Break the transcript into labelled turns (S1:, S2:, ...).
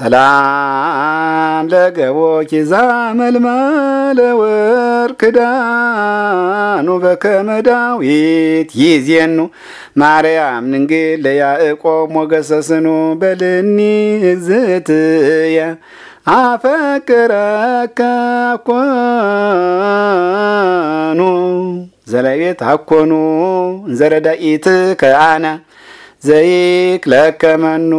S1: ሰላም ለገቦኪ ዛመልማለ ወርቅ ክዳኑ በከመ ዳዊት ይዜኑ ማርያም ንግል ለያዕቆብ ሞገሰስኑ በልኒ እግዝእትየ አፈቅረከ አኮኑ ዘለቤት አኮኑ ዘረዳኢት ከአነ ዘይክለከመኑ